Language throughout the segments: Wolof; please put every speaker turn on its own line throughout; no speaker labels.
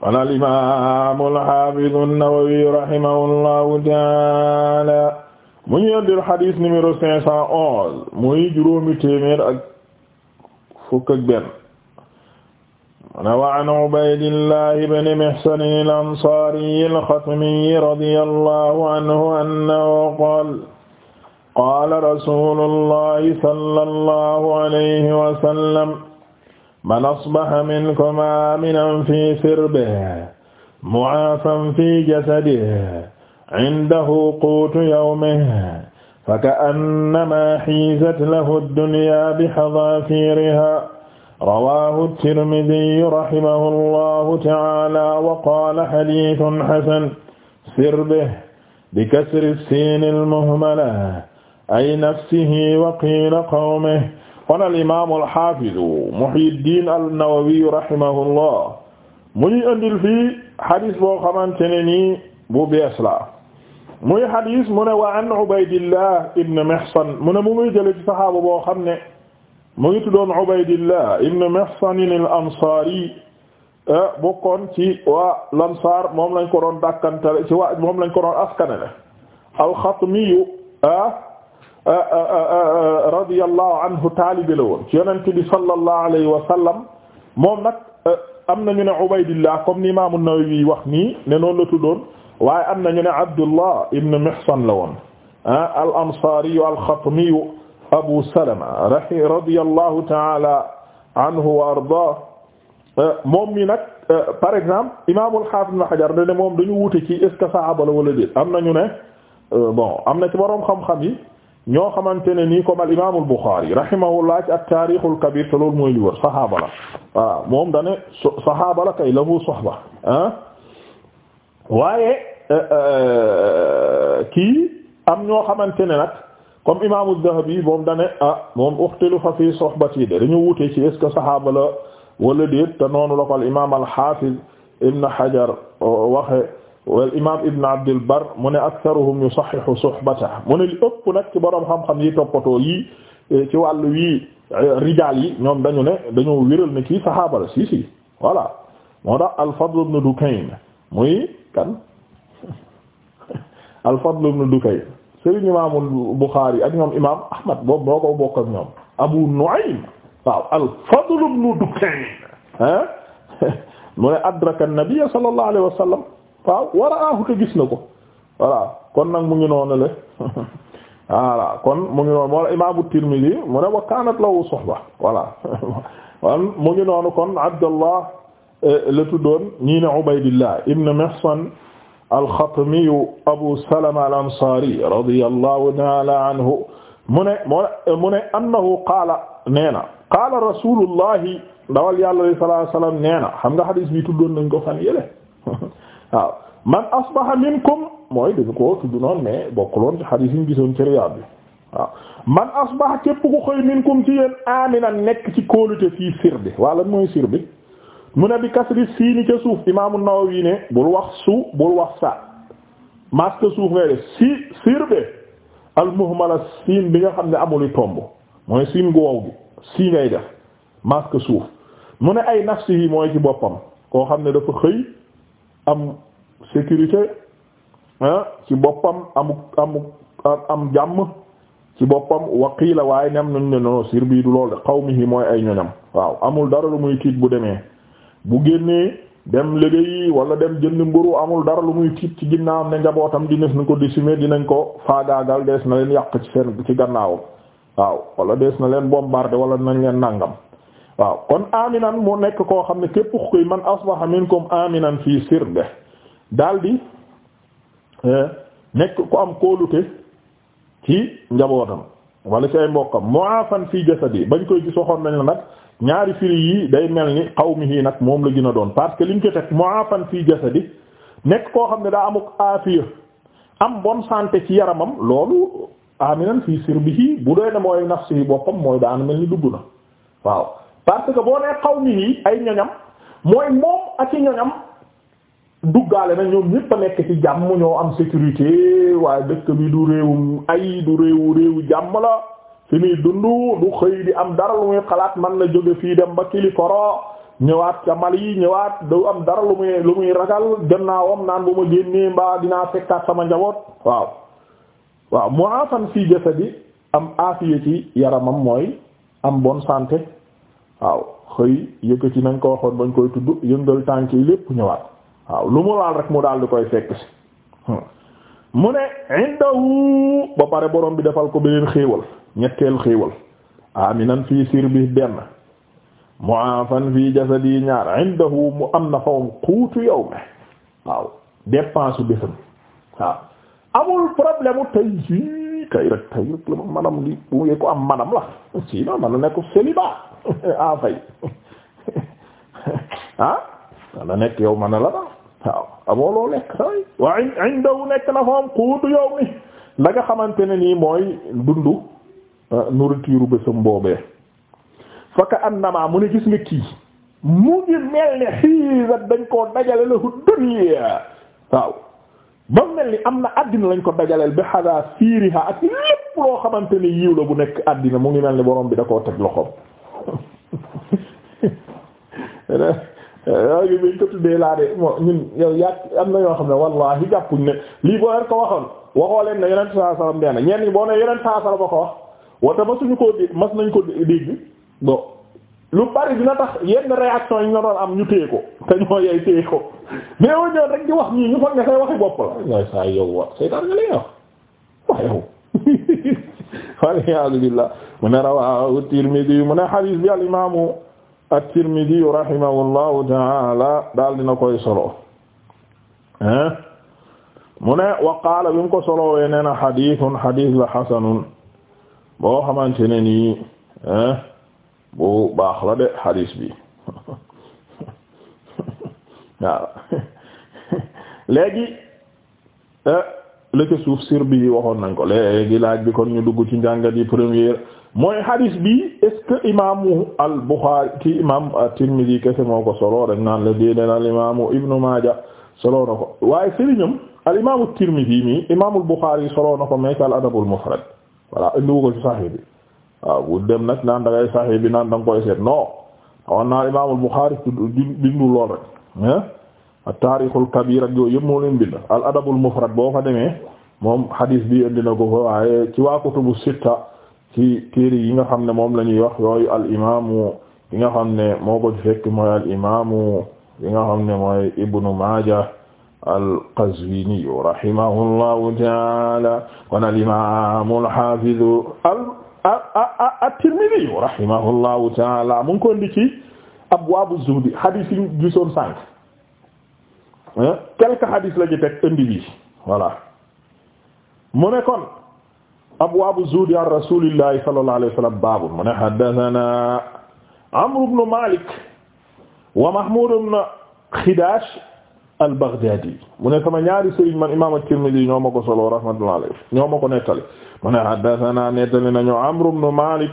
qaala al-imaam al-haafiz an-Nawawi rahimahullahu ta'aala mu ñu yëndil xadis numéro cinq cent onze muy juróomi téeméer ak fukk ak benn wa an Ubaydillah ibn Mihsan al-Ansaari al-Xatmi radiyallahu anhu annahu qaala qaala rasuulullahi sallallahu alayhi wa sallam man asbaha minkum aminan fi sirbihi mu'aafan fi jasadihi indahu quutu yawmihi فكأنما حيزت له الدنيا بحذافيرها رواه الترمذي رحمه الله تعالى وقال حديث حسن سربه بكسر السين المهملة أي نفسه وقيل قومه kon al imaam al xaafidu Muhyiddin an-Nawawi rahimahullah mu ñuy andil fii xadis boo xamante ne nii bu bees la muy xadis mu ne wa an Ubaydillah ibn Mihsan mu ne mu ngi jële ci saxaaba boo xam ne mu ngi tuddoon Ubaydillah ibn Mihsan al-Ansaari eh, bokkoon ci waa Ansaar moom lañ ko doon dàkkantale ci waa moom lañ ko doon askanale al-Xatmi ah. Eh, radiyallahu anhu taalibe la woon ci yonent bi sallallahu alayhi wa sallam moom nag am na ñu ne Ubaydillah comme ni Imaam An-Nawawi wax nii ne noonu la tuddoon waaye am na ñu ne Abdullah ibn Mihsan la woon ah al-Ansari al-Khatmi Abu Salama rahi radiyallahu ta'ala anhu wa ardaah moom mi nag par exemple Imaam al-Hafiz Ibn Hajar ne moom dañu wute ci est-ce que saxaaba la wala déet am na ñu ne euh, bon am na ci boroom xam-xam yi. ñoo xamante ne nii comme al imaamul Bukhari rahimahullah ci ak taarixul kabir te loolu mooy li wër saxaaba la voilà moom da ne kay la kay lahu soxba ah waaye eh, eh, kii am ñoo xamante ne nag comme imaamu Dhahabi moom da ne ah moom uxtilafa fi soxbati de dañu wutee ci est-ce que saxaaba la wala déet te noonu la ko al imaam al Haafiz Ibn Hajar eh, waxe wal imaam Ibn Abdul Bar mu ne aktharuhum yusahhihu suhbatahu mu ne li ëpp nag ci boroom xam-xam yi toppatoo yi eh, ci wàllu wii eh, rijaal yi ñoom dañu ne dañoo wéral ne kii saxaaba la si voilà moo tax al-Fadl ibn Dukayn muy kan al-Fadl ibn Dukayn sëriñ imaamul Bukhari ak ñoom imaam Ahmad boobu moo ko bokk ñoom Abu Nu'aym waaw al-Fadl ibn Dukayn ah mu ne adraka an-nabiy sallallahu alayhi wa waaw war a aahu te gis na ko voilà kon nag mu ngi noonu le voilà kon mu ngi noonu moo imaamu Tirmidhi mu ne wa kaanat lahu suhba voilà kon mu ngi noonu kon Abdallah eh, la tuddoon ñii ne Ubaydillah ibn Mihsan al-Khatmi Abu Salama al-Ansari radiyallahu ta'ala anhu mu ne eh, mu ne annahu qaala nee na qaala rasulullahi ndawal yàlla sallallahu alayhi wasallam nee na xam nga hadis bi tuddoon nañ ko fan yële waaw man asbaha minkum mooy dañu ko tudd noonu mais bokkuloon ci xadiis yi ñu gisoon ci Riyaad bi waaw man asbaha képp ku xëy minkum ci yéen amina nekk ci kóolute fii sir bi waaw lan mooy siir bi mu ne bi kasri siini ca suuf imaamu Nawawi ne bul wax su bul wax sa maska suuf ngay def si sir be al muhmala siin bi nga xam ne amuli tomb mooy siin gu wow gi si ngay def maska suuf mu ne ay nafsi yi mooy ci boppam koo xam ne dafa xëy sécurité ah ci boppam amuk amuk am jàmm ci boppam waqiila waaye ñam nañ ne non sir bii du xaw de qawmihi mooy ay ñoñam waaw amul dara lu muy tiit bu demee bu génnee dem liggéeyi wala dem jënd mburu amul dara lu muy tiit ci ginnaawam ne njabootam dines na ko décimer dinañ ko faagaagal dees na leen yàq ci seen ci gannaawam waaw wala dees na leen bombarder wala nañ leen nàngam waaw kon aminan mu nekk koo xam ne képp kuy man asbaha minkum aminan fii sirbe daldi eh, nekk ku am kóolute ci njabootam wala ci ay mbokkam mu'afan fi jasadi bañ koy gis waxoon nañ la nag ñaari firi yi day mel ni qawmihi nag moom la gën a doon parce que liñ ko teg mu'afan fi jasadi nekk koo xam ne daa amuk aafiya am bonne sante ci yaramam loolu aminan fii sirbihi bu doy na mooy nafsihi boppam mooy daana mel ni dugg na waaw parce que boo nee qawmihi ay ñoñam mooy moom ak i ñoñam duggaale na ñoom ñépp a nekk ci jàmm ñoo am sécurité waaye dëkk bi du réewum ay du réewu réewu jàmm la fi muy dund du xëy di am dara lu muy xalaat man na jóge fii dem ba Kilikoro ñëwaat ca Mali ñëwaat du am dara lu muy ragal gannaawam naan bu ma génnee mbaa dinaa fekkaat sama njaboot waaw waaw mu afan fii jasadi am aafiya ci yaramam mooy am bonne santé waaw xëy ci nañ ko waxoon bañ koy tudd yëngal tànk yi lépp ñëwaat waaw lu mu laal rek mu daal di koy fekk si mu ne indahu ba pare borom bi defal ko beneen xéewal ñetteel xéewal aminan fii sirbi benn mu'afan fii jasadi ñaar indahu mu am na fawam quutu yawme waaw dépense bésam waaw amul problème tay jii kay rek tay rek la ma manam li bu ngeen ko am manam la sinon man nekk célibat a ah, fay ah na nekk yow man na la ba waaw amoo loo lekk saway waa indahu nekk na foom xuutu yow mi la xamante ne nii mooy dund dundu euh, tiiru bésam boobee fa ka annama mu ne gis nga kii mu ngi mel ni xiisat dañ koo dajale lahu dunya waaw ba mel ni am na àddina lañ ko dajaleel bi xadaa fiiriha ak lépp loo xamante ni yiw la bu nekk àddina mu ngi mel ni borom bi da koo teg loxoom Ah, yooyu laa de moo ñun yow yàq am na yoo xam ne wallahi jàppuñ ne lii boo leen ko waxoon waxoo leen ne yonent saa sallam nee na ñi boo ne yonent saa sallam ba ko wax wata ma suñu ko dé mas nañ ko dégg bon lu bari dina tax yenn réaction yi nga doon am ñu téye ko te ñoo yey téye ko mais woon ñoon rek di wax ñii ñu foog ne say waxi bopp la saa yow wa saytaan nga lay wax wax yow waliyasu billah mu ne rawahu Tirmidhi mu ne hadith bi al at-Tirmidhi rahimahullahu ta'ala daal na koy solo mu ne wa qaala mu ko solowee nee na xadithun xadis la xasanun boo xamante ne nii bu baax la de xadis bi waaw eh, suuf sir bi waxoon nañ ko léegi laaj bi kon ñu dugg ci njàngat yi première mooy hadis bi est-ce que imaamu al-Bukhari ki imaam at-Tirmidhi kese moo ko solo dañ naan la déedéen al imaamu Ibnu Maaja solo na ko waaye sëriñam al imaamu at-Tirmidhi mi imaamul Bukhari solo na ko mais al-Adabul Mufrad voilà indiwu ko ci Sahih bi waaw bu dem nag naan da ngay Sahih bi naan da nga koy seet non xawoon naa imaamul Bukhari bindu lool rek ah at-Taarikhul Kabir ak yooyu yëpp moo leen bind al-Adabul Mufrad boo fa demee moom hadis bi indi na ko waa ci téere yi nga xam ne moom la ñuy wax yooyu al imaamu yi nga xam ne moo ko fekk mooy al imaamu yi nga xam ne mooy ibnu Maaja al Qazwini rahimahullahu taala kon al mu ngi ko indi ci abwaabu zuhdi hadith yi gisoon sànq eh, quelques hadith la ci teg indi mu ne kon abwaabu zuhdi an rasuulillahi sallallahu alayhi wa sallam baabu mu ne haddasanaa Amr ibn Maalik wa Mahmuud ibn Xidaash al-Baghdaadi mu ne sama ñaari sëriñ man imaam at-Tirmidi ñoo ma ko solo rahmatullahi alayhi ñoo ma ko nettali mu ne haddasanaa nettali nañu Amr ibn Maalik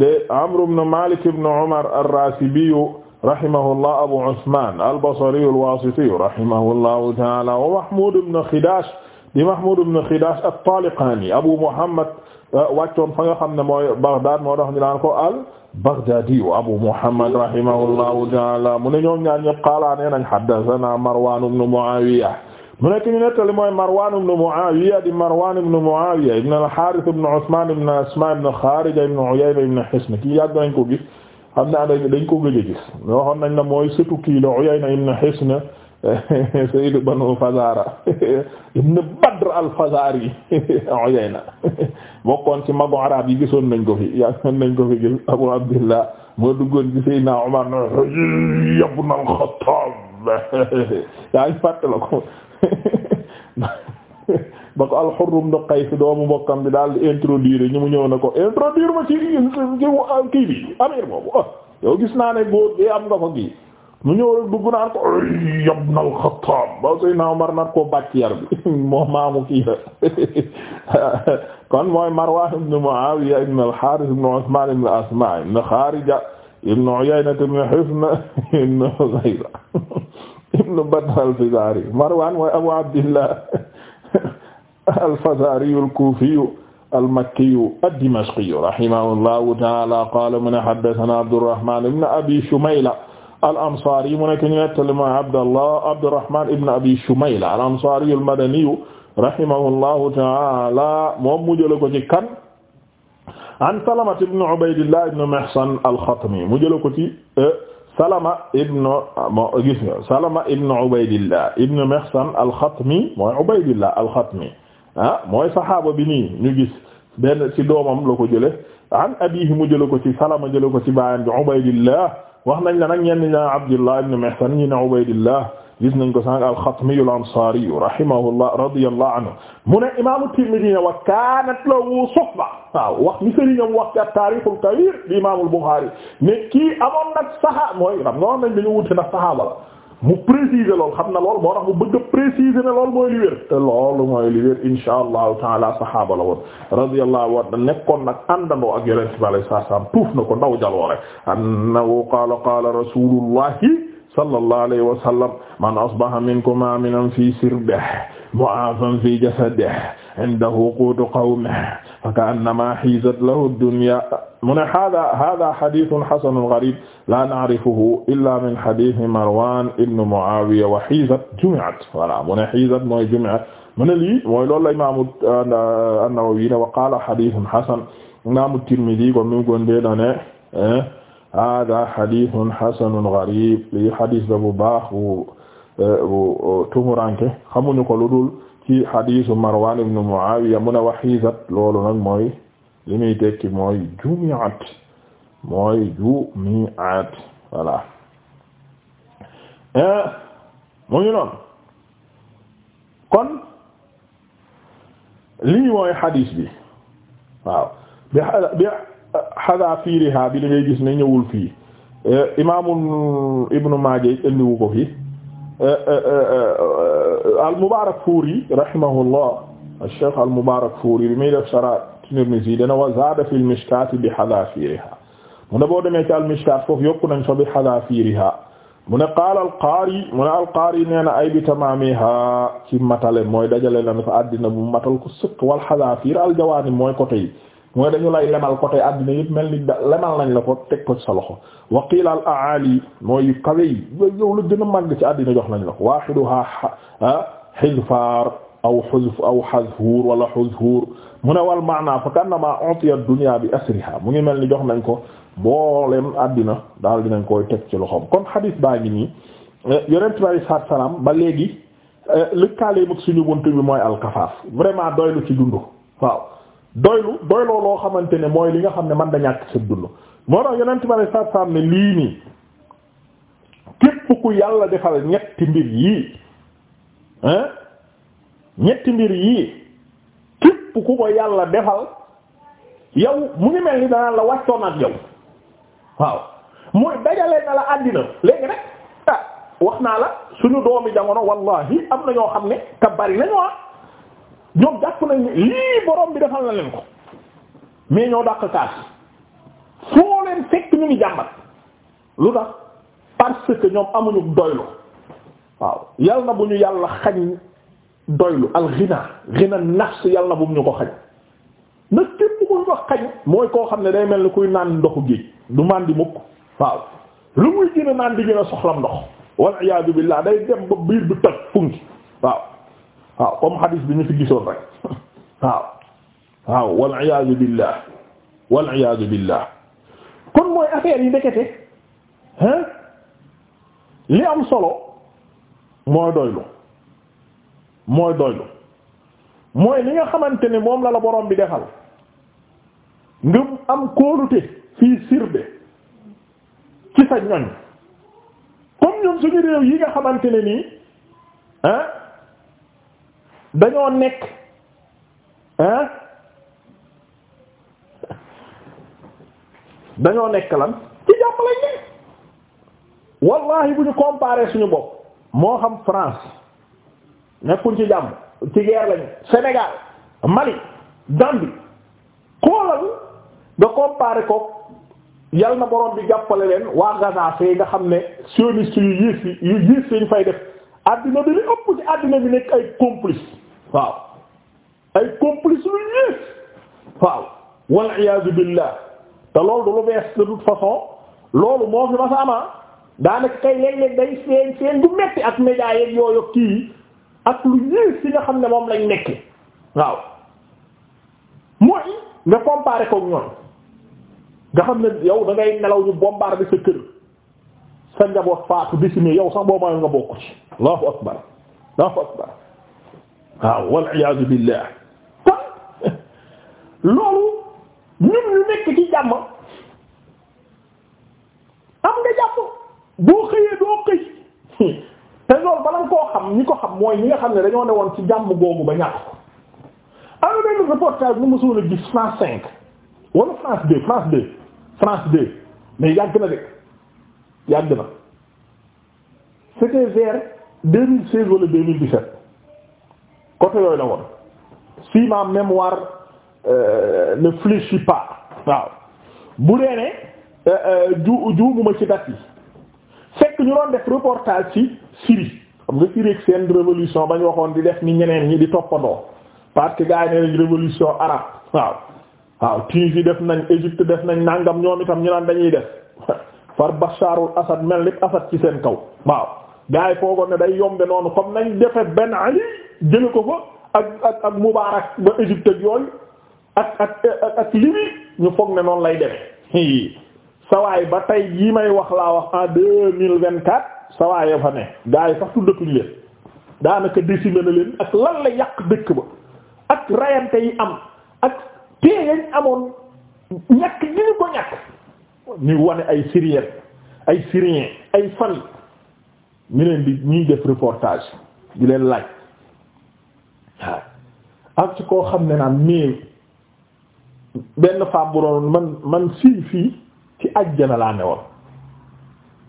de Amr ibn Maalik ibn Umar ar-Raasibi rahimahullah Abu Usmaan al-Basri al-Waasiti rahimahullahu ta'aala wa Mahmuud ibn Xidaash di Mahmud ibn Khidash at-Taliqani Abu Muhammad euh, wàccoon fa nga xam ne mooy Baghdad moo tax ñu naan ko al-Baghdadi Abu Muhammad rahimahullahu ta'ala mu ne ñoom ñaar ñëpp qaala nee nañ haddathana Marwan ibn Muawiya mu nekk ñu nettali mooy Marwan ibn Muawiya di Marwan ibn Muawiya ibn al-Harith ibn Uthman ibn Asma ibn Kharija ibn Uyayna ibn Hisn kii yàgg nañ ko gis xam naa dañ ko gëj a gis waxoon nañ la mooy surtout kii la Uyayna ibn Hisn sayyidu banu Fazara ibn Badr al-Fazari Uyayna bokkoon ci magu arab yi gisoon nañ ko fi yaagoon nañ ko fi gis Abu Abdillah moo duggoon ci Seydina Umar na yaa ngi fàtt la ko ba ko al-Hurr ibn Qays doomu mbokkam bi daal di introduire ñu mu ñëw na ko introduire ma ci kii bi amir boobu oh, yow gis naa ne góor bi am nga fa gi mu ñëw rek dugg naan ko yabna al-Xattaab ba Seydina Umar naan koo bàcc yar bi moo maamu kii la kon mooy Marwaan ibn Mu'aawiya ibn al-Haaris ibn Usmaan ibn Asmaa ibn Xaarija ibn Uyayna ibn Hifna ibn Huzayla ibn Badr al-Fazaari Marwaan mooy Abu Abdillah al-Fazaari al-Kuufi al-Makkiyu ad-Dimashqiyu rahimahullahu ta'aala qaala man haddathanaa Abdurrahmaan ibn Abi Shumayla al ansaari mu nekk ñu nettali mooy Abdallah Abdurrahman ibn Abi Shumayla al ansaari al madani rahimahullahu ta'ala moom mu jëlee ko ci kan an Salama ibn Ubaydillah ibn Mihsan al Khatmi mu jëlee ko ci euh, Salama ibn gis nga Salama ibn Ubaydillah ibn Mihsan al Khatmi mooy Ubaydillah al Khatmi ah mooy saxaaba bi nii ñu gis benn ci doomam la ko jëlee an abiihi mu jëlee ko ci Salama jëlee ko ci baayam bi Ubaydillah wax nañ la nag ñenn ñi Abdullah ibn Mihsan ñi ne Ubaydillah gis nañ ko sànq al-Khatmi al-Ansari rahimahullah radiyallahu anhu mu ne imaamu Tirmidhi wa kaanat lahu suhba waaw wax ni sëriñam wax ci at-Taarikh al-Kabiir bi imaamul Bukhari ne kii amoon nag saxaaba mooy ram nga wax nañ dañu wute nag saxaaba la mu préciser lool xam na lool moo tax mu bëgg a préciser ne lool mooy li wér te loolu mooy li wér insha allahu taala sahaaba la woon radiyallahu anhu nekkoon nag àndandoo ak yonent bi sallallahu alayhi wasallam tuuf na ko ndaw jaloore annahu qaala qaala rasulullahi sallallahu alayhi wa sallam man asbaha minkum aminan fi sirbihi mu'afan fi jasadihi indahu quutu qawmihi fakaannama hiizat lahu dunya mu ne hada hada hadithun hasanun gharib la na'rifuhu illa min hadithi Marwan ibn Muawiya wa hiizat jumi'at voilà mu ne hiizat mooy jumi'at mu ne lii mooy loolu la Imam an-Nawawi ne wa qala hadithun hasan Imam Tirmidhi ko mi gonde dane eh, hada xadithun xasanun garib lii xadis la bu baax bu eh, bu eh, tumuranke xamuñu ko lu dul ci xadisu marwan ibn muawiya mu ne waxiisat loolu nag mooy li muy tekki mooy jumiat mooy jumiat voilà eh, mu ngi kon lii mooy xadis bi hada fiiriha bi da ngay gis ne ñëwul fii eh, imaamu Ibnu Maaja indiwu ko fi eh, eh, al-Mubaarakfuuri rahimahullah al-Cheikh al-Mubaarakfuuri bi muy def Sharh Tirmizi dana wa zaada fil Mishkaat bi hadaafiriha mu ne boo demee ci al-Mishkaat foofu yokku nañ fa bi hadaafiriha mu ne qaala al-Qaari mu ne al-Qaari nee na ay bi tamaamiha ci matale mooy dajale na fa àddina bu matal ko sëkk wal hadaafiir al-jawaanib mooy côté yi mooy dañu lay lemal côté àddina yëpp mel ni lemal nañ la ko teg ko sa loxo wa qiila al aali mooy yu kawe yi yow la gën a màgg ci àddina jox nañ la ko waaxiduha xidfaar aw xuzf aw xazhuur wala xuzhuur mu ne wal maana fa kannama utiya dunya bi asriha mu ngi mel ni jox nañ ko booleem àddina daal dinañ koy teg ci loxoom kon xadiis baa ngi nii yonent bi alayhi salaam ba léegi lëkkaaleem ak suñu bunt bi mooy alkafaaf vraiment doylu ci dund waaw doylu doyloo loo xamante ne mooy li nga xam ne man da ñàkk sa dund moo tax yonent bi alei satu salaam ne lii nii képp ku yàlla defal ñetti mbir yii ñetti mbir yii képp ku ko yàlla defal yow mu ngi mel ni danaan la wàccoon ak yow waaw mooy dajale na la àddina léegi rek ah, wax naa la suñu doomi jamono wallahi am na ñoo xam ne ka bari nañu ah ñoom jàpp nañ lii borom bi defal na leen ko mais ñoo dàq kaas foo leen fekk ñu ngi jàmbat lu tax parce que ñoom amuñu doylu waaw yal na bu ñu yàlla xañ doylu al ghina nafs yal na bu mu ñu ko xañ na képp ko ñu ko xañ mooy koo xam ne day mel ni kuy naan ndoxu géej du màndi mukk waaw lu muy gën a naan a soxlam ndox wal iyaadu billaah day dem ba biir bi toj funki waaw waaw comme xadiis bi ñu fi gisoon rek waaw waaw wal iyaazu billah wal iyaazu billah kon mooy affaire yi ndekete hein li am solo mooy doylu mooy doylu mooy li nga xamante ne moom la la borom bi defal nga am kóolute fii sirbe ci sa ñoñ comme ñoom suñu réew yi nga xamante ne nii hein dañoo nekk hein dañoo nekk lan ci jàmm lañ nekk wallahi bu ñu comparer suñu bopp moo xam France nekkuñ ci jàmm ci guerre lañu Sénégal Mali Gambie xoolal nga comparer ko yal na borom bi jàppale leen waa Gaza fee nga xam ne sioniste yu yiis yu yiis yu fay def addina bi li ëpp ci addina bi nekk ay complice waaw ay complice lu ñees waaw wal iyaazu billah te loolu du lu bees de toute façon loolu moo fi masa ama ah. daanaka kay léeg-léeg day seen seen du metti ak média yeeg yooyu kii ak lu ñees ci nga xam ne moom lañ nekk waaw mooy nga comparer ko ñoom nga xam ne yow da ngay nelaw ñu bombardé sa kër sa njaboot faatu décimé yow sax boo nga bokku ci allahu akbar allahu akbar waaw ah, wal iyaazu billah kon loolu ñun ñu nekk ci jàmm am nga jàpp boo xëyee doo xëy te loolu bala nga koo xam ñi ko xam mooy ñi nga xam ne dañoo ne woon ci jàmm googu ba ñàkk ko am na benn reportage bu mësul a gis France 5 wala France 2 France 2 France 2 mais yàgg na de yàgg na c'était vers deux mille seize wala deux mille dix-sept côté yooyu la woon si ma mémoire euh, ne fléchit pas waaw bu dee euh, euh, ju juumuma ci date yi fekk ñu doon def reportage ci Syrie xam nga Syrie ak seen révolution ba ñu waxoon di def ni ñeneen ñi di toppandoo parce que yi ne révolution arabe waaw waaw Tunisie def nañ Égypte def nañ nangam ñoom itam ñu naan dañuy def far Bachar al-Assad mel ni Assad ci seen kaw waaw gars yi foogoon ne day yombe noonu xom nañ defe benn Ali jële ko fa ak ak ak Moubarak ba Égypte ak yooyu ak ak ak ñu foog ne noonu lay defe sawaay ba tey yi may wax laa wax en deux mille vingt quatre sawaay fa ne gars yi sax tuddatuñ leen daanaka décimé na leen ak lan la yàq dëkk ba ak rayante yi am ak tee yañ amoon ñàkk gi ñu ko ñàkk ñu wane ay Syriens ay Syriens ay famille ñu leen di ñuy def reportage di leen laaj waaw ak ci koo xam ne naan mais benn femme bu doon man man fii fii ci ajjana laa woon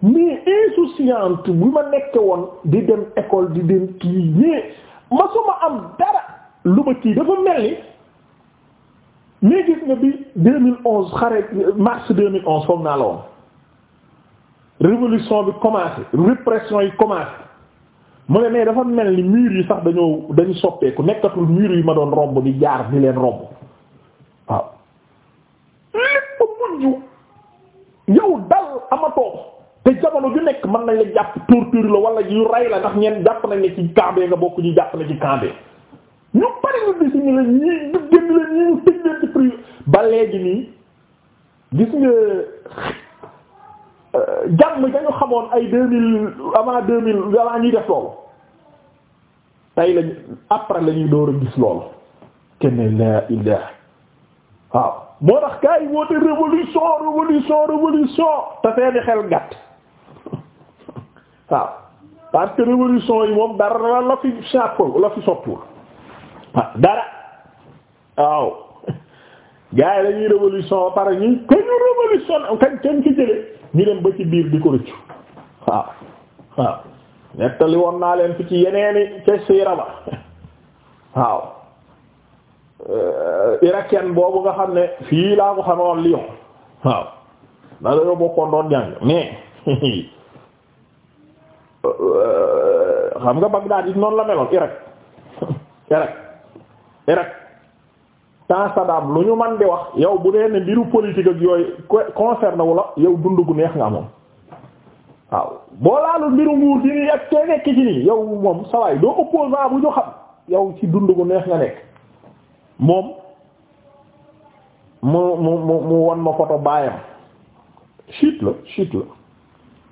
mais insouciante bu ma nekke woon di dem école di dem kii ma su ma am dara lu ma kii dafa mel ni mais gis nga bi 2011 xare mars 2011 foog naa la woon révolution bi commencé répression yi commencé mu ne mais dafa mel ni mur yi sax dañoo dañu soppeeku nekkatul mur yi ma doon romb di jaar di leen romb waaw lépp mujj yow dal amatoo te jamono ju nekk mën nañ la jàpp torture la wala yu rey la ndax ñeen jàpp nañ ne ci camp nga bokk ñu jàpp na ci camp ñu bari ñu gis ñu leen ñu tëj leen ci prix ba léegi nii gis nga jàmm dañu xamoon ay deux mille avant deux mille avant ñuy def loolu tey lañu après la ñuy door a gis loolu kenn laa illah waaw moo tax gaa yi woote révolution révolution révolution te seeni xel gàtt waaw parce que révolution yi moom dara la fi chaque la fi sottul ah, dara waaw gars yi dañuy révolution ba pare ñu ko ñu révolution kañ kenn ci jële ñu dem ba ci biir di ko rëccu waaw waaw nettali woon naa leen fi ci yeneeni ca siira ba waaw euh, irakien boobu nga xam ne fii laa ko xamoon Lyon euh, xam nga Bagdad it noonu la meloon Irak Irak Irak sans Saddam lu ñu man di wax yow bu dee ne mbiru politique ak yooyu concerné wu la yow dund gu neex nga amoon waaw boo laalu mbiru nguur gi nii ak kee nekk ci nii yow moom sawaay doo opposant bu ñu xam yow ci dund gu neex nga nekk moom mu mu mu mu won ma photo baayam chiit la chiit la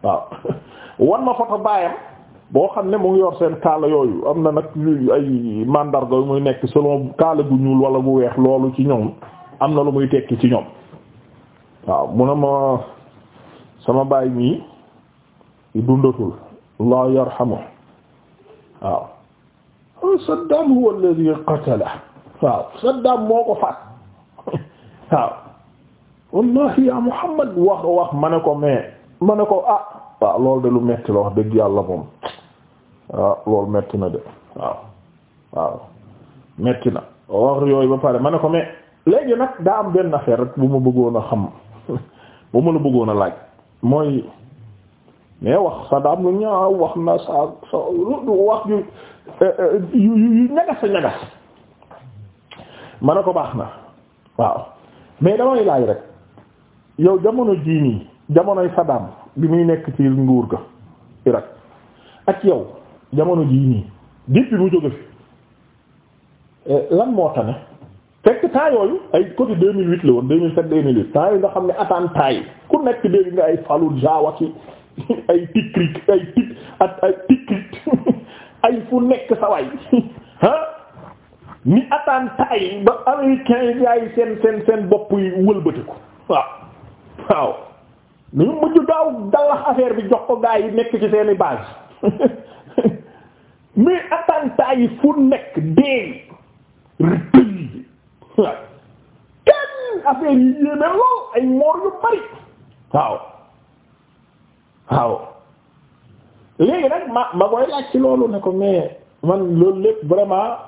waaw won ma photo baayam boo xam ne mu ngi yor seen kaala yooyu am na nag yu ay mandarga yu muy nekk selon kaala gu ñuul wala gu weex loolu ci ñoom am na lu muy tekki ci ñoom waaw mu ne ma sama baay mii dundatul allah yarhamu waaw Saddam huwa alladhi waaw Saddam moo ko faat waaw wallahi ya Muhammad wax wax ma ne ko mais ma ne ko ah waaw loolu de lu metti la wax dëgg yàlla moom waaw ah, loolu metti na de waaw waaw metti na wax yooyu ba pare ma ne ko mais léegi nag daa am benn affaire rek bu ma bëggoon a xam bu ma la bëggoon a laaj mooy mais wax sa daam lu wax na ñagas a ñagas ma ne ko baax na waaw mais damay laaj rek yow jamono jii nii jamonoy Saddam bi muy nekk ci nguur ga Irak ak yow jamono jii nii depuis mu jóge fi eh, lan moo tane fekk temps yooyu ay côté 2008 la woon 2007 2008 temps yi nga xam ne attaan temps yi ku nekk dégg nga ay falul jaawaki ay tikrik ay tik ak ay ni attaan temps yi ba américain yi gaa yi seen seen seen bopp yi wëlbatiku waaw waaw mujj daaw dalax affaire bi jox ko gaa yi nekk ci seeni base mais attentat yi fu nekk dee kenn affaire yi yéeme lool ay moor yu bari waaw waaw léegi nag ma ma koy laaj ci loolu ne ko mais man loolu lépp vraiment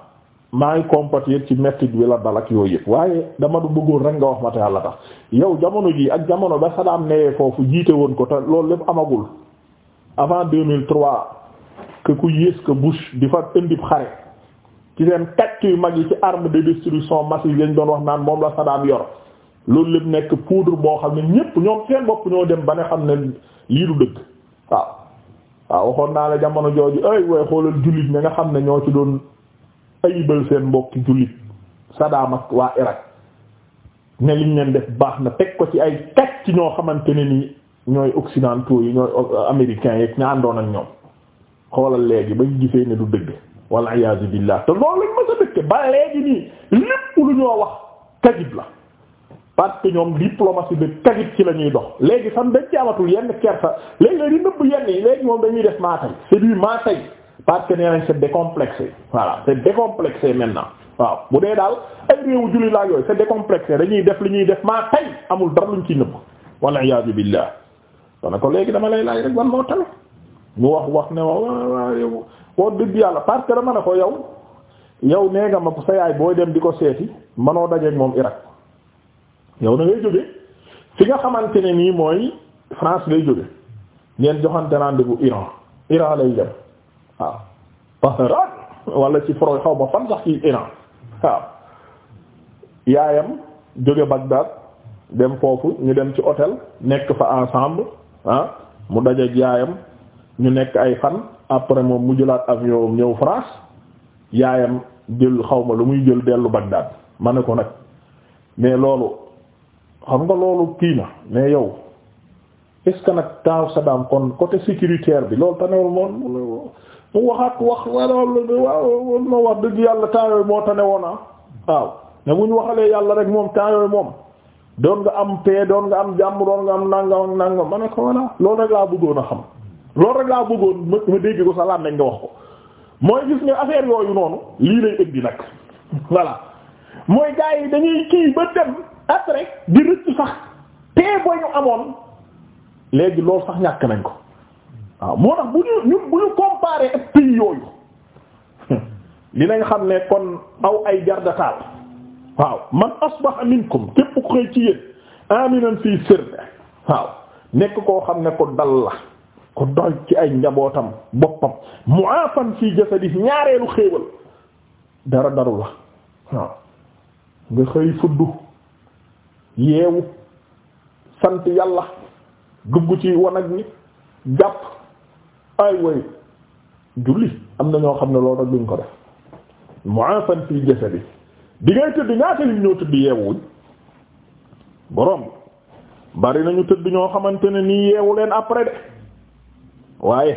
maa ngi compatir ci métti bi la dal ak yooyu yëpp waaye dama du bëggoon rek nga wax ma te yàlla tax yow jamono ji ak jamono ba Saddam newee foofu jiite woon ko te loolu lépp amagul avant 2003. que ku yées que Bush di fa indi xare ci seen tàcc yu mag yi ci arme de destruction massive lañ doon wax naan moom la Saddam yor loolu lépp nekk poudre boo xam ne ñépp ñoom seen bopp ñoo dem ba ne xam ne lii du dëgg waaw. waxoon naa la jamono jooju ay way xoolal jullit ñi nga xam ne ñoo ci doon ayibal seen mbokki jullit Saddam ak waa Irak ne liñ leen def baax na teg ko ci ay ci ñoo xamante ne ni ñooy occidentaux yi ñooy euh, américains yeeg ña àndoon ñoom. xoolal léegi ba gisee ne du dëgg wal iyaazu billah te loolu lañ mës a dëkk ba léegi nii lépp lu ñoo wax kadib la parce que ñoom diplomatie de kadib ci la ñuy dox léegi sam dañ ci amatul yenn kert léegi léegi di nëbb yenn yi léegi moom dañuy def maa tey c'est du maa tey parce que nee nañ c'est décomplexé voilà c'est décomplexé maintenant waaw bu dee daal ay réewu julli laa yooyu c'est dañuy def li ñuy def maa tey amul dara luñ ci nëbb wal iyaazu billah léegi dama lay laaj rek mu wax wax ne waaw yow wax dëgg yàlla parce que dama ne ko yow yow nee nga ma sa yaay booy dem di ko seeti manoo dajeeg moom Irak yow na ngay nga xamante ne nii mooy France ngay jóge ngeen joxante Iran Iran lay dem waaw Bahran wala ci foroy xaw ma fan sax ci Iran waaw yaayam jóge Bagdad dem foofu ñu dem ci hôtel nekk fa ensemble ah mu dajeeg yaayam ñu nekk ay fan après moom mu jëlaat yow ñëw France yaayam jël xaw ma lu muy jël dellu Bagdad ma ne ko nag mais loolu xam nga loolu kii na mais yow est-ce que nag taaw Saddam kon côté sécuritaire bi loolu tanewul mu waxaat wax loolu waaw ma wax dëgg yàlla temps yooyu moo tane woon ah waaw ne bu ñu waxalee yàlla rek moom temps moom doon nga am paix doon nga am jàmm doon nga am nangam ak ma ne ko voilà loolu rek laa bëggoon a xam. lool rek laa bëggoon ma ma dégg ko sa laan nga wax ko mooy gis nga affaire yooyu noonu lii lay indi nag voilà mooy gars yi dañuy kii ba dem après di rëcc sax tee ñu amoon léegi loolu sax ñàkk nañ ko waaw moo tax bu ñu ñun bu ñu comparer ak pays yooyu dinañ xam ne kon aw ay jardataal waaw man asbaha minkum képp ku xëy ci yéen aminan fii sirr waaw nekk koo xam ne ko dal la ku doy ci ay njabootam boppam mu'afan fi jasadi ñaareelu xéewal dara daru la waaw nga xëy fudd yeewu sant yàlla dugg ci wanag ni jàpp ay way julli am na ñoo xam ne loolu rek luñ ko def mu'afan fi jasadi di ngay tëdd ñaata nit ñoo tëdd yeewuñ borom bari nañu tëdd ñoo xamante ne nii yeewu leen après de waaye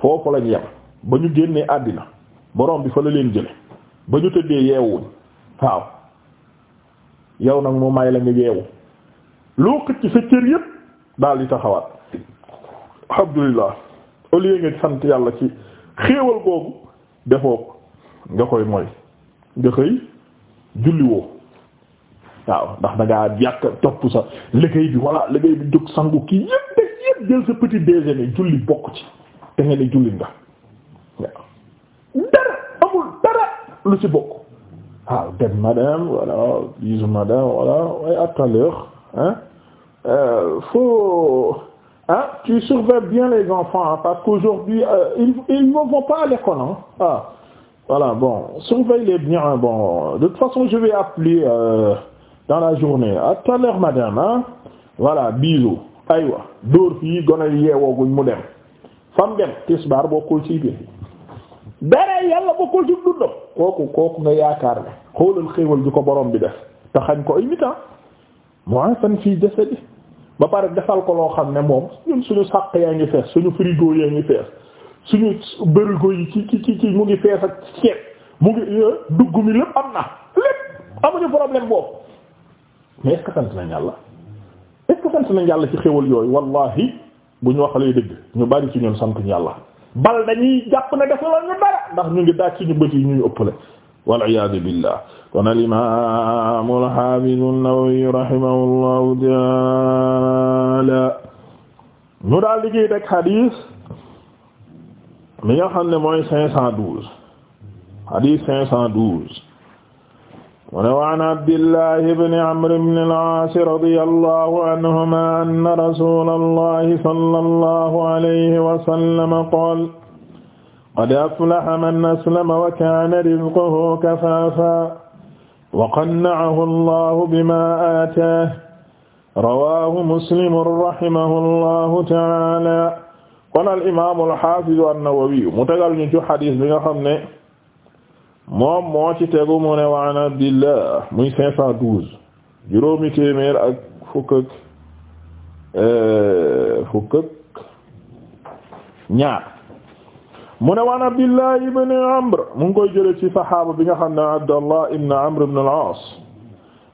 foofu lañ yem ba ñu génnee àddina borom bi fa la leen jële ba ñu tëddee yeewuñ waaw yow nag mu may la nga yeewu loo xëcc sa cër yépp daal di taxawaat alhamdulillah au lieu nga sant yàlla ci xeewal googu defoo nga koy mooy nga xëy julliwoo waaw ndax da ngaa yàq topp sa liggéey bi walla liggéey bi jóg sangu kii yëpp def yëpp jël sa petit déjeuner julli bokk ci te nga ne julli nga waaw dara amul dara lu ci bokk waaw dem madame voilà bisu madame voilà way à tout à l'heure hein euh, faut ah tu surveilles bien les enfants hein, parce qu'aujourd'hui euh, ils ils ne vont pas à l'école ah voilà bon surveille les bien bon de toute façon je vais appeler euh, dans la journée à telle heure madame ah voilà biso aywa dóor fii gonal yeewooguñ mu dem fam dem tisbaar bokkul ci biir dara yàlla bokkul ci dundam kooku kooku nga yaakaar ne xoolal xéewal bi ko boroom bi def te xañ ko ay mitan ah. fii jasadi pare defal ko loo xam ne moom suñu sàq yaa ngi fees suñu frigo yaa ngi fees suñu bërigo yi ci ci ci mu ngi fees ak ceeb mu ngi eh, dugg mi lépp am na lépp amuñu problème boobu mais est-ce que sant nañ yàlla est-ce yooyu wallahi bu ñu waxalee dëgg ñu bari ci ñun santuñ yàlla bal dañuy jàpp ne def la ñu dara ndax ñu ngi daaj suñu bët yi ñuy ëppale waliyaadu billah kon al-imaam al-haafiz an-Nawawi rahimahullahu taala daal liggéey ciy teg xadiis mi nga xam ne mooy 512 xadiis 512. mu ne waan abdillahi bni amr bni al-aas radiyallahu anhuma anna rasulallahi sallallahu alayhi wa sallam qaala qad aflaha man aslama wa kaana rizquhu kafaafan wa qanna'ahu allahu bimaa aataahu rawaahu muslimun rahimahullahu ta'aala qaala al-imaamu al-haafizu an-nawawi mu tegal ñu ci hadiis bi nga xam ne moom moo ci tegu mu ne waan abdillah muy cinq cent douze juróomi téeméer ak fukk euh, fukk ñaar mu ne waan abdillah ibn amr mu ngi koy ci saxaaba bi nga xam ne abdallah ibn amr ibn al-aas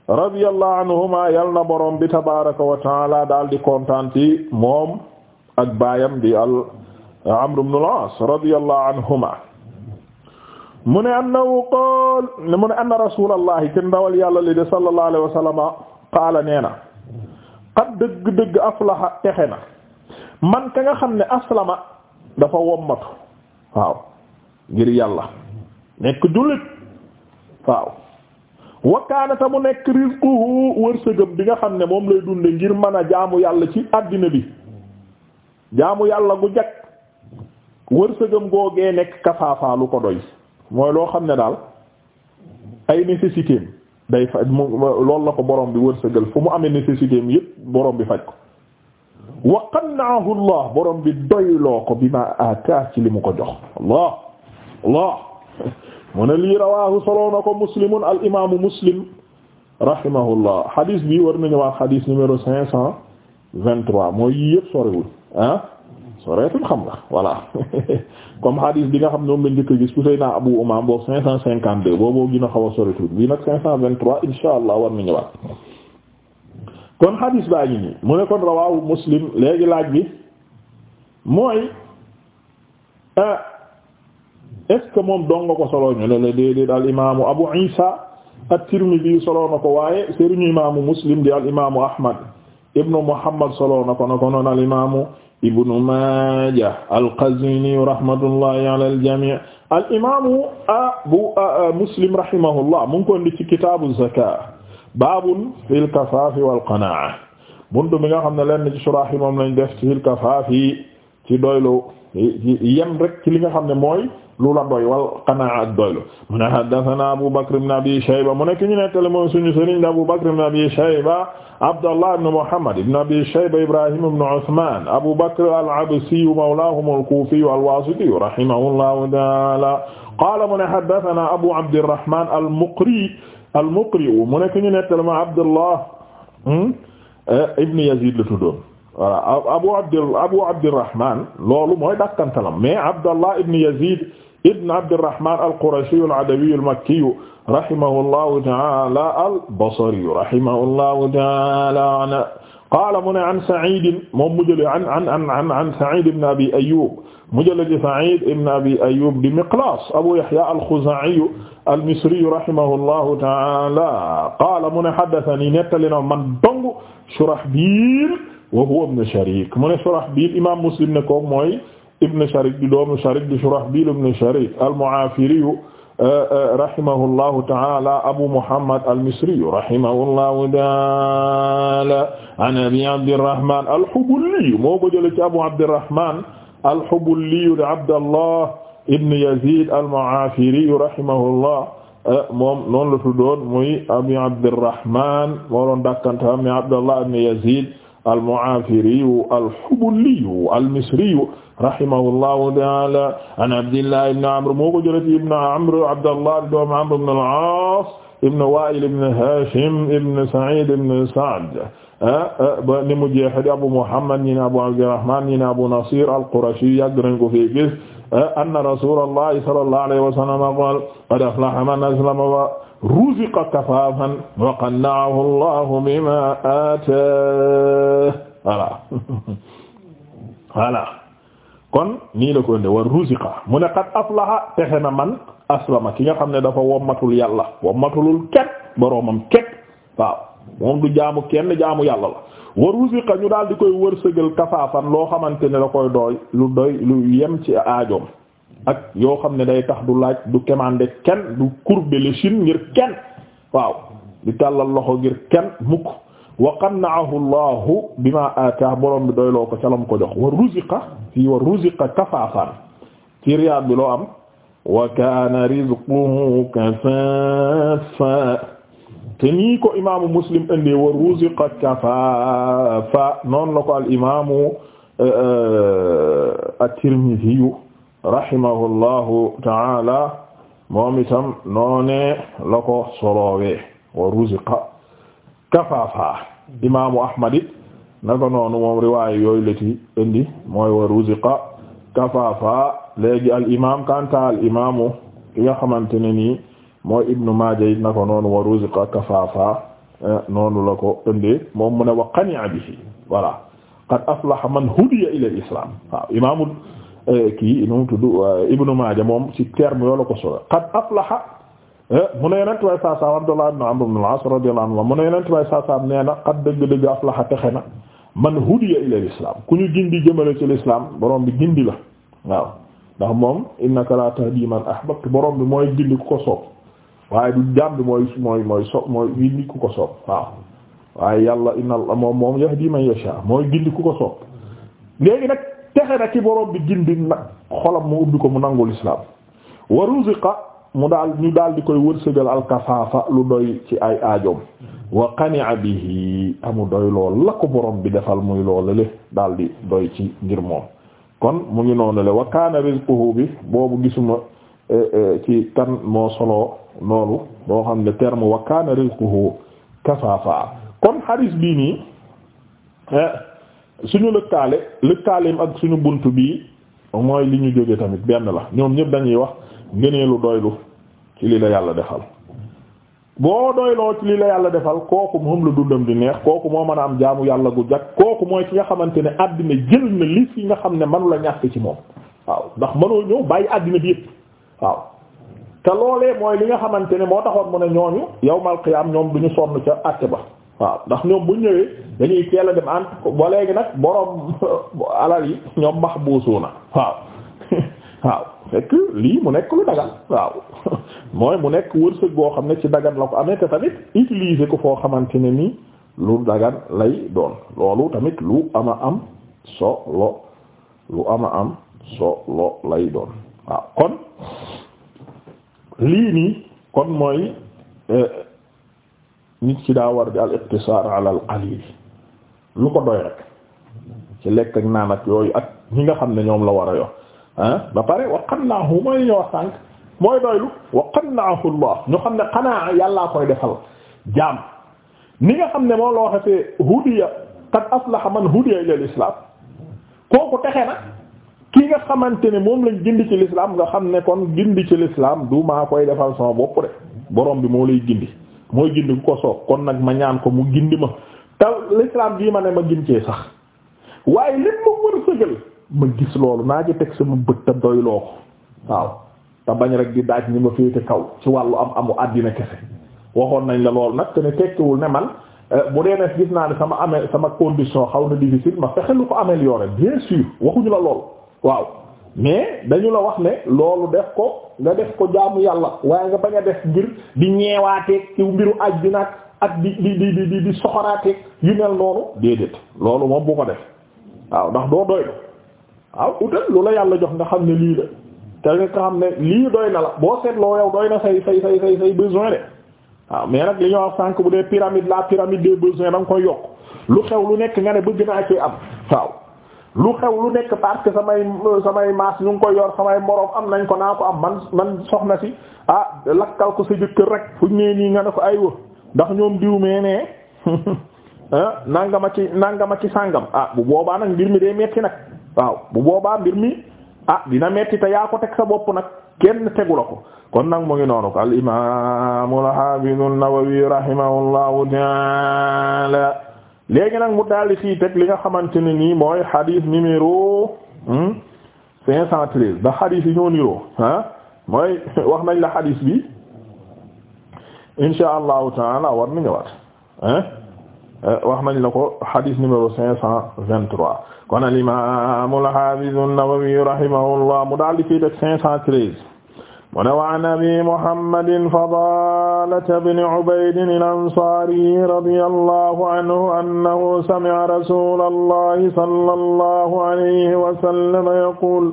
radiyallahu anhuma yal na borom bi tabaraka wa taala daal di kontaan ci moom ak baayam di al amr ibn al-aas radiyallahu anhuma mu ne annahu qaal mu ne anna rasulallahi te ndawal yàlla li de sallallahu alayhi wa sallam qaala nee na qad dëgg-dëgg aflaha texe na man ka nga xam ne aslama dafa wommatu waaw ngir yàlla nekk jullit waaw wakaanata mu nekk rizquhu wërsëgam bi nga xam ne moom lay dunde ngir mën a jaamu yàlla ci àddina bi jaamu yàlla gu jag wërsëgam googee nekk kafaafaa lu ko doy mooy loo xam ne daal ay nécessité am day faj mu loolu la ko borom bi wërsëgal fu mu amee nécessité am yépp borom bi faj ko wa Allah borom bi doyloo ko bi ma ataa ci li mu ko jox Allah Allah mu ne lii rawaahu soloo na ko muslimun al imaamu muslim rahimahullah hadis bi war nañu wax hadis numéro cinq cent vingt-trois mooy yii yépp sorewul ah soreetul xam nga voilà comme hadis bi nga xam ñoom la njëkk a gis ku naa Abu Umaam boobu cinq cent cinquante deux booboo gën a xaw a soreetul bii nag cinq cent vingt trois insha allah war na ñëwaat kon hadis baa ngi nii mu ne kon rawaawu Muslim léegi laaj bi mooy ah, est-ce que moom dong nga ko soloo ñu ne la déedéet al imaamu Abu Isa at-Tirmidhi solo na ko waaye sëriñu imaamu Muslim di al imaamu Ahmad ibnu Muhammad solo na ko na ko noon al imaamu ibnu Maaja al-Qazwini rahmatullahi ala al-jamii al-imaamu Abu Muslim rahimahullah mu ngi ko indi ci kitaabu zakaat baabun fil kafaafi wal qanaa'a buntu bi nga xam ne lenn ci suraax yi moom lañ def ci fil kafaafi ci doylu yem rek ci li nga xam ne mooy. lu la doy wal qanaa ak doylu mu ne haddathana Abu Bakr ibn Abi Shayba mu nekk ñu nettale moom suñu sëriñ di Abu Bakr ibn Abi Shayba Abdallah ibn Muhammad ibn Abi Shayba Ibrahim ibn Uthman Abu Bakr al-Absi mawlahum al-Kufi al-Wasiti rahimahullahu ta'ala qala mu ne haddathana Abu Abdirrahman al-Muqri al-Muqri mu nekk ñu nettale ma Abdallah hmm, eh, ibn Yazid la tuddoon voilà abu abdi abu abdirahman loolu mooy dakkantalam mais abdallah ibn yazid ibn abdirahman al-qurashi al-adawi al-makki rahimahullahu ta'ala al-basri rahimahullahu ta'ala qaala mu ne an Saïd moom mu jëlee an an an an an Saïd ibn Abi Ayyub mu jëlee ci Saïd ibn Abi Ayyub di Miqlaas Abu Yahya al-Khuzaa'i al-Misri rahimahullahu ta'ala qaala mu ne haddathanii nettali na man dong Shurahbil wa huwa ibn Sharik mu ne Shurahbil imaam Muslim ne kooku mooy ibn Sharik di doomu Sharik di Shurahbil ibn Sharik al-Mu'afiri uh, uh, rahimahullahu ta'ala Abu Muhammad al-Misri rahimahullahu ta'ala an Abi Abdirrahman al-Hubuli moo ko jëlee ci Abu Abdirrahman al-Hubuli di Abdallah ibn Yazid al-Mu'afiri rahimahullah uh, moom noonu la tuddoon muy Abi Abdirrahman moo doon dàkkanta mi Abdallah ibn Yazid al-Mu'aafiriyu al-Hubaliyu al-Misriyu rahimahullahu ta'aala an Abdillah ibn Amr moo ko jëlee ci ibn Amr Abdallah doom Amr ibn al-Aas ibn Waa'il ibn Haashim ibn Sa'iid ibn Sa'd ba ni mu jeexee Abu Muhammad ñi ne Abu Abdirrahmaan ñi ne Abu Nasiir al-Qurashi yàgg nañ ko fi gis anna rasulallahi sallallahu alayhi wa sallam qala qad aflaha man aslama wa ruziqa kafaafan wa qanna'ahu Allahu bima ataahu voilà voilà kon nii la ko ënde wa ruziqa mu ne qad aflaha texe na man aslama ki nga xam ne dafa wommatul yàlla wommatulul kenn boroomam kenn waaw moom du jaamu kenn jaamu yàlla la wa ruziqa ñu daal di koy wërsëgal kafaafan loo xamante ne la koy doy lu doy lu yem ci aajoom ak yoo xam ne day tax du laaj du kemande kenn du courber l'échine ngir kenn waaw di tàllal loxo ngir kenn mukk wa qanna'ahu Allahu bima ataa borom bi doyloo ko ca ko jox wa ruziqa fii wa kafaafan ci riyaad bi loo am wa kaana rizquhu kafaafan te nii ko imaamu muslim indi wa ruziqa kafafa noonu la al imaamu eh, eh, at-Tirmidhi rahimahullahu ta'ala moom noone la ko solowee wa ruziqa kafafa imaamu Ahmad it naka noonu moom al imaam kanta al imaamu ki nga xamante ne nii mooy ibnu Maaja it na ko noonu wa ruziqa kafafa eh, noonu la ko ëndee moom mu ne wa qani'a bihi voilà qad aflaha man hudiya ila al islam waaw imaamul eh, kii nu mu tudd eh, ibnu Maaja moom ci terme yoo la ko solo qad aflaha mu ne yonent way saa saam Abdullah ibn Amr ibn al-As radiyallahu anhu mu ne yonent way saa saam nee na qad dëgg-dëgg aflaha texe na man hudiya ila al islam ku ñu gindi jëmale ci l'islam borom bi gindi la waaw ndax moom innaka la tahdi man ahbabta borom bi mooy gindi ku ko soob waaye du jaam bi mooy mooy mooy so mooy gindi ku ko sopp waaw waaye yàlla inna moom moom yahdi man yasha mooy gindi ku ko sopp léegi nag texe na ki borom bi gindi nag xolam mu ubbi ko mu nangul islam wa ruziqa mu daal ñu daal di koy wërsëgal alkafaafa lu doy ci ay aajoom wa bi bihi amu doy lool la borom bi defal muy loo le daal di doy ci ngir moom kon mu ngi noonu le wa kaana rizquhu bi boobu gisuma Eh, eh, ci kan moo solo loolu moo xam ne terme wa kaana rizquhu kafafa kon hadis bii nii eh, suñu lëkkaale lëkkaaleem ak suñu bunt bii mooy li ñu jóge tamit benn la ñoom ñëpp dañuy wax lu doylu ci li la yàlla defal boo doyloo ci li la yàlla defal kooku moom la dundam di neex kooku moo mën a am jaamu yàlla gu jag kooku mooy ki nga xamante ne àddina jël na li fi nga xam ne manu la ñàkk ci moom waaw ndax mënoo ñëw bàyyi àddina bi yëpp waaw te loolee mooy li nga xamante ne moo taxoon mu ne ñooñu yi am ñoom du ñu sonn ca àtte ba waaw ndax ñoom bu ñëwee dañuy teel a dem ant ba léegi nag boroom alal yi ñoom mahbusuuna waaw waaw fekk lii mu nekk lu dagal waaw mooy mu nekk wërsëg boo xam ne ci dagan la ko amee te tamit utilise ko foo xamante ne nii lu dagan lay doon loolu tamit lu am a am solo lu ama am solo lay doon waaw kon lii nii kon mooy euh, nit ci daa war di al iqtisaar ala al qalil lu ko doy rek ci lekk ak naan ak yooyu ak ñi nga xam ne ñoom la war a yo ah ba pare waqannaahu mooy ñoo sànq mooy doylu waqannaahu Allah ñu xam ne xanaa yàllaa koy defal jaam ni nga xam ne moom la waxee hudiya qad aflaha man hudiya ila al islam kooku texe na ki nga xamante ne moom lañ gind ci l'islam nga xam ne kon gindi ci l'islam du maa koy defal sama bopp de borom bi moo lay gindi mooy gindi ku ko soog kon nag ma ñaan ko mu gindi ma te l'islam bii ma ne ma gindee sax waaye lim ma gis loolu naa ci teg sama bët te doyloo ko waaw te bañ rek di daaj ni ma féete kaw ci wàllu am amu àddina kese waxoon nañ la loolu nag te ne tekkiwul ne man eh, bu dee ne gis naa ne sama amee sama condition xaw na difficile ma fexe lu ko améliorer bien sûr waxuñu la lool. waaw mais dañu la wax ne loolu def ko nga def ko jaamu yàlla waaye nga bañ a def ngir di ñeewaateeg ci mbiru bi ak ak bi di di di di soxoraateeg yu mel noonu déedéet loolu moom bu ko def waaw ndax doo doy waaw utal lu la yàlla jox nga xam ne lii de te nga xam ne lii doy na la boo seetloo yow doy na say say say say say besoin de waaw mais nag li ñu wax sànq bu dee pyramide la pyramide des besoins da nga koy yokk lu xew lu nekk nga ne bëgg naa ci am waaw. lu xew lu nekk parce que samay samay maas ñu ngi koy yor samay moroom am nañ ko naa ko am man man soxna si ah lakkal ko sa jëkkër rek fu ñee nii nga ne ko ay aywa ndax ñoom diw mee nee ah, nangama ci nangama ci sàngam a ah, bu boobaa nag mbir mi day metti nag waaw bu boobaa mbir mi a ah, dina metti te yaa ko teg sa bopp nag kenn tegu la ko kon nag mu ngi noonu ko al imaam al nawawi rahimahullahu ta'ala léegi nag mu daldi fii teg li nga xamante ne nii mooy hadith numéro hmm, cinq cent treize ndax mooy wax nañ la hadith bi insha allahu taala war na ñëwaat ah wax nañ la ko hadith numéro cinq cent vingt trois kon al imam al hafiz an-Nawawi rahimahullah mu daldi fii teg cinq cent treize mu ne wa an abi Muhammadin Talata bni Ubaydin al-Ansaari radiyallahu anhu annahu sami'a rasuulallahi sallallahu alayhi wa sallam yaquul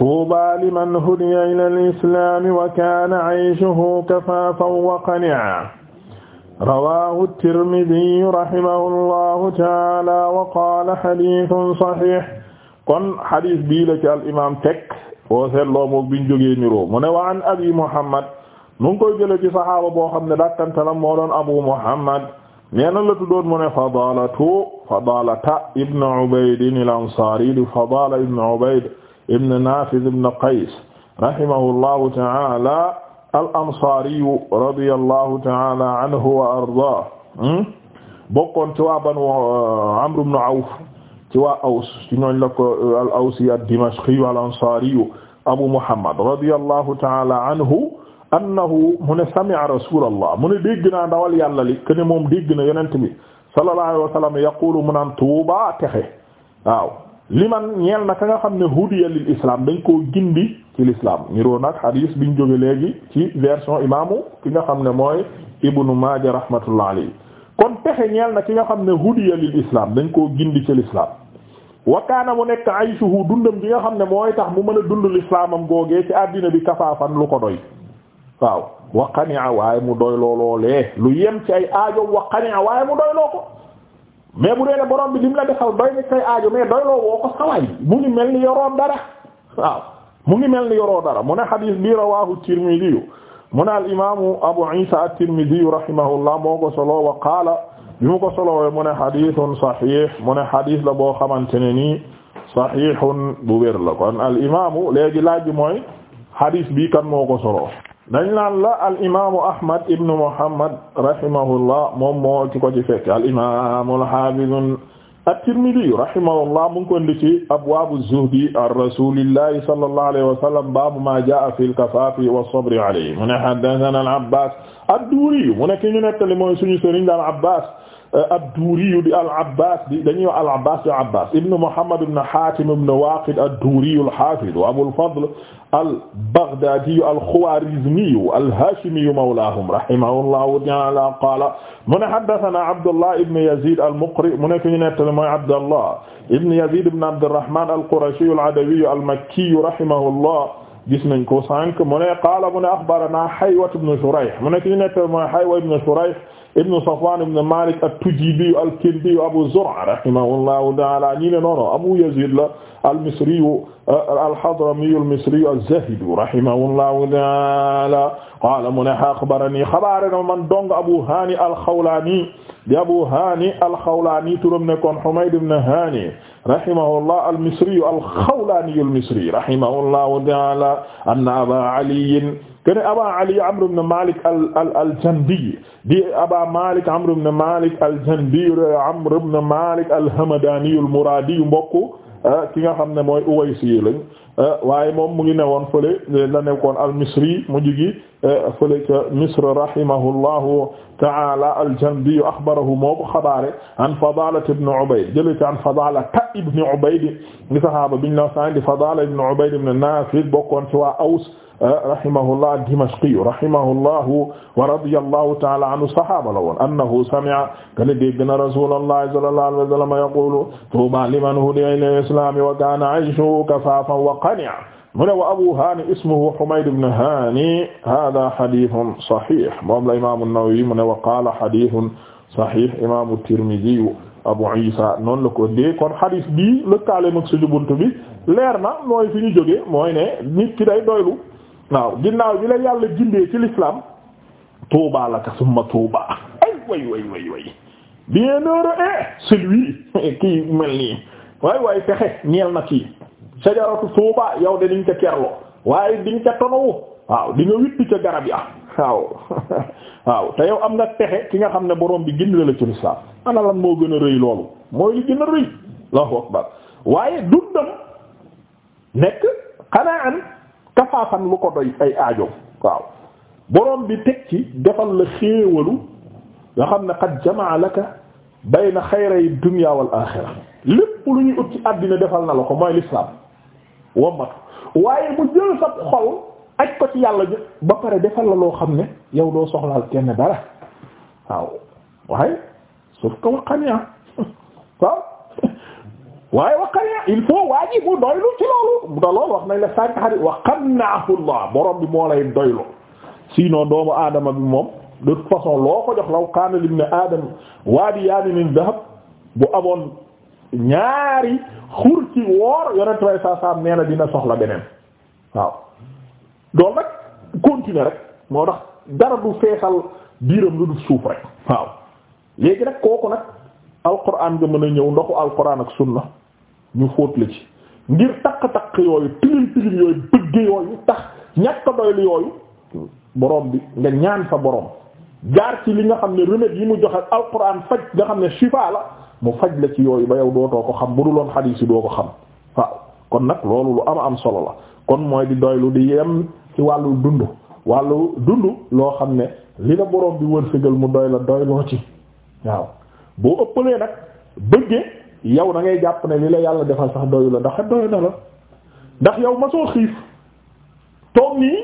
tuubaa liman hudiya ilal islaami wa kaana ayshuhu kafaafan wa qani'an rawaahu Tirmidhi rahimahullahu ta'aala wa qaala hadiisun sahiih kon hadiis bii la ci al imaam teg boo seetloo moom biñ jógee niroo mu ne wa an Abi Muhammad mu ngi koy jëlee ci saxaaba boo xam ne dakkantalam moo doon Abu Muhammad nee na la tuddoon mu ne Fadalatu Fadalata ibn Ubayd al-Ansari di Fadala ibn Ubayd ibn Nafiz ibn Qays rahimahullahu ta'ala al-Ansari radiyallahu ta'ala anhu wa ardaah hmm? bokkoon ci waa Banu uh, Amr ibn Awf ci waa Aws ci ñooñ la ko uh, al-Awsi ad-Dimashqi al-Ansari Abu Muhammad radiyallahu ta'ala anhu annahu mu ne sami'a rasulallah mu ne dégg naa ndawal yàlla li que ne moom dégg na yonent bi sallallahu alayhi wa sallam yaqulu mu naan tuuba texe waaw li man ñeel na ka nga xam ne hudiya lil islam dañ koo gindi ci l'islam niroo nag bi biñ jóge léegi ci version imaamu ki nga xam ne mooy ibnu maaja rahmatullah alayhi kon texe ñeel na ki nga xam ne hudiya lil islam dañ koo gindi ci l'islam wakaana mu nekk ayshuhu dundam bi nga xam ne mooy tax mu mën a dund lislaamam googee ci àddina bi kafaafan lu ko doy waaw wa qani'a waaye mu doy looloolee lu yem ci ay aajo wa qani'a waaye mu doy ko mais bu dee ne borom bi lim la defal doy na woo ko sawaay mu ngi mel ni yoroo dara waaw mu ngi mel ni yoroo dara mu ne xadiis bi rawaahu Tirmidi mu ne al Abu Isa at-Tirmidi rahimahullah moo ko solo wa qaala bi mu ko solo mu ne xadiisun la boo xamante ne nii saxiixun bu wér la laaj bi mooy xadiis bi kan moo ko dañ naan la al imaamu Ahmad ibn Muhammad rahimahullah moom moo ci ko ci fekk al imaamu al haafiz at-Tirmidhi rahimahullah mu ngi ko indi ci abwaabu zuhdi an rasuulillahi sallallahu alayhi wa sallam baabu maa jaa'a fil kafaafi was-sabri alayhi mu ne haddathanaa al-Abbaas ad-Duuri mu ne ki ñu nettali mooy suñu sëriñ daal Abbaas Euh, ad-Duuri di al-Abbaas di dañuy wax al-Abbaas di Abbaas ibn Muhammad ibn Haatim ibn Waaqid ad-Duuri al-Haafiz wa Abul Fadl al-Baghdaadi al-Khawaarizmi al-Haashimi mawlaahum rahimahullahu ta'aala qaala mu ne haddathanaa Abdullah ibn Yaziid al-Muqri mu ne fi ñu nettali mooy Abdullah ibn Yaziid ibn Abdirrahmaan al-Qurashi al-Adawi al-Makki rahimahullah gis nañ ko sànq mu ne qaala mu ne axbaranaa Haywat ibn Shurayh mu ne fi ñu nettali mooy Haywa ibn Shurayh ibnu Safwan ibn Malik at-Tujibi al-Kindi Abu Zur'a rahimahullahu ta'ala ñi ne noono Abu Yazid la al-Misri al-Hadrami al-Misri az-Zahid rahimahullahu ta'ala qala mu ne akhbarani xabarana man dong Abu Hani al-Khawlani di Abu Hani al-Khawlani turam nekkoon Humayd ibn Hani rahimahullah al-Misri al-Khawlani al-Misri rahimahullahu ta'ala anna Aba Ali kene aba ali amr ibn malik al al al jandi di aba malik amr ibn malik al jandi amr ibn malik al hamadani al muradi mbokk ah, ki nga xam ne mooy uwaysi lañ ah, waaye moom mu ngi newoon fële la nekkoon al misri mu jigi ah, fële ca misr rahimahullahu ta'ala al jandi akhbarahu moo ko xabaare an fadala ibn ubayd jële ca an fadala ibn ubayd ni sahaaba biñ la sandi fadala ibn ubayd ibn nafi bokkoon ci waa aws rahimahullah ad-Dimashqiyu rahimahullahu wa radiyallahu ta'ala anhu sahaaba la woon annahu sami'a kana dégg na Rasuulullahi sallallahu alayhi wa sallam yaqulu tuuba liman hudiya ila al-islam wa kana 'ayshuhu kafafan wa qani'an mu ne wa Abu Hani ismuhu Humayd ibn Hani hada hadithun sahih moom la imaamu Nawawi mu ne wa qaala hadithun sahih imaamu Tirmidhi Abu Isa noonu la ko dee kon hadith bii lëkkaale mag suñu bunt bi leer na mooy fi ñu jógee mooy ne nit ki day doylu waaw ginnaaw bi la yàlla jindee ci l'islam tuubaa laka summa tuubaa ay way way way way bienheureux eh celui kii mel nii waay waay pexe ñeel na kii sajaratu tuubaa yow de dañ ca kerloo waaye diñ ca tonowu waaw di nga witti ca garab ya waaw waaw te yow am nga pexe ki nga xam ne borom bi gindi la ci l'islam ana lan moo gën a rëy loolu mooy li gën a rëy Allahu akbar waaye dundam nekk xanaa kafaafan lu ko doy ay aajo waaw borom bi teg ci defal la xéewalu nga xam ne qad jamaa laka bayna xayray dunya wal lépp lu ñuy ut ci àddina defal na la ko mooy l'islam wommat waaye mu jël sa xol aj ko ci yàlla ba pare defal la loo xam ne yow doo soxlaal kenn dara waaw waaye sauf que waqan yaa waaw waaye waqanaa il faut waa ji doylu ci loolu bu da loolu wax nañ la sànq xarit wa qannaahu Allah borom bi moo lay doylu sinon doomu aadama bi moom de toute façon loo ko jox law kaana libni aadama waadiyaani min dahab bu amoon ñaari xur woor yonent way saa saam nee na dina soxla beneen waaw doon rek continuer rek moo tax dara du feesal biiram lu du suuf rek waaw léegi nag kooku nag alquran nga mën a ñëw ndoxu alquran ak sunna ñu fóot la ci ngir takk-takk yooyu tilim tilim yooyu bëgg yooyu tax ñàkk doylu yooyu borom bi nga ñaan sa borom jaar ci li nga xam ne remède yi mu joxe ak alquran faj nga xam ne shifa la mu faj la ci yooyu ba yow dootoo ko xam bu dul woon xadiis yi doo ko xam waaw kon nag loolu lu am am solo la kon mooy di doylu di yem ci wàllu dund wàllu dund loo xam ne li la borom bi wërsëgal mu doy la doyloo ci waaw boo ëppalee nag bëggee yow na ngay jàpp ne li la yàlla defal sax doyu la ndax doyu na la ndax yow ma soo xiif toog nii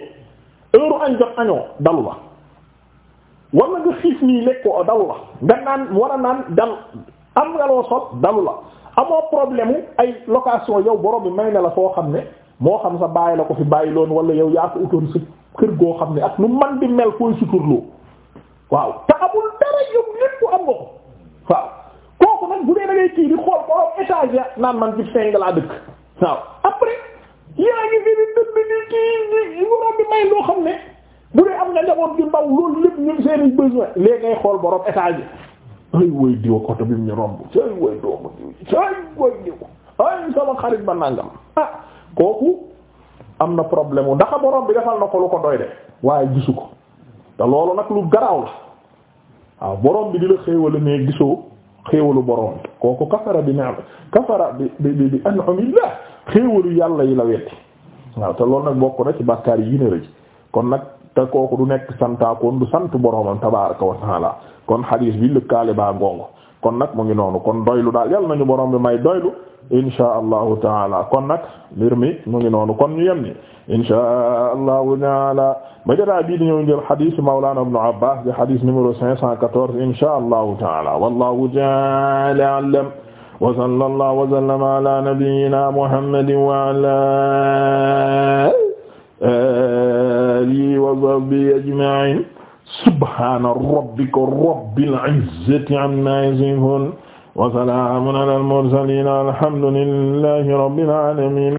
heure añ jot añoo dalu la wala nga xiif nii lekkoo dalu la nga naan war a naan dal am nga loo sot dalu la amoo problème ay location yow boroom bi may na la foo xam ne moo xam sa bàyyi la ko fi bàyyi loon wala yow yaa ko utoon sa kër goo xam ne ak nu man di mel fooy suturloo waaw te amul dara étage ya naan man ci seng laa dëkk waaw après yaa ngi fi di dëkk kii i borom bi may loo xam ne bu dee am nga njaboot ju ndaw loolu lépp ñu seeni besoin léegi ngay xool borom étage bi ay woy diw koto bi ay sama xarit ba nangam ah kooku am na problème wu ndax borom bi defal na ko lu ko doy de waaye gisu ko te loolu nag lu garaaw la waaw borom bi di la xéewal mais gisoo xéewalu borom kooku kafara bi na kafara bi bi bi an'amillah xéewalu yàlla yi la wetti waaw te nag bokk na ci bàkkaar yi ne kon nag te kooku du nekk santaakoon du sant boromam tabaaraka wa taala kon xadiis bi lëkkaale baa ngongo kon nag mu ngi noonu kon doylu daal yal nañu borom bi may doylu insha allahu taala kon nag mbir mi mu ngi noonu kon ñu yem ni insha allahu taala ma jotaa bii di ñëw njël hadith mawlana ibn abbas di hadith numéro 514 insha allahu taala wallahu taala a'lam wa sallallahu wa sallama ala nabiyyina muhammadin wa ala alihi wa sahbihi ajma'in subhaana rabbika rabbil izzati ammaa yasifuun wa salaamun alal mursaliin alhamdu lillahi rabbil aalamiin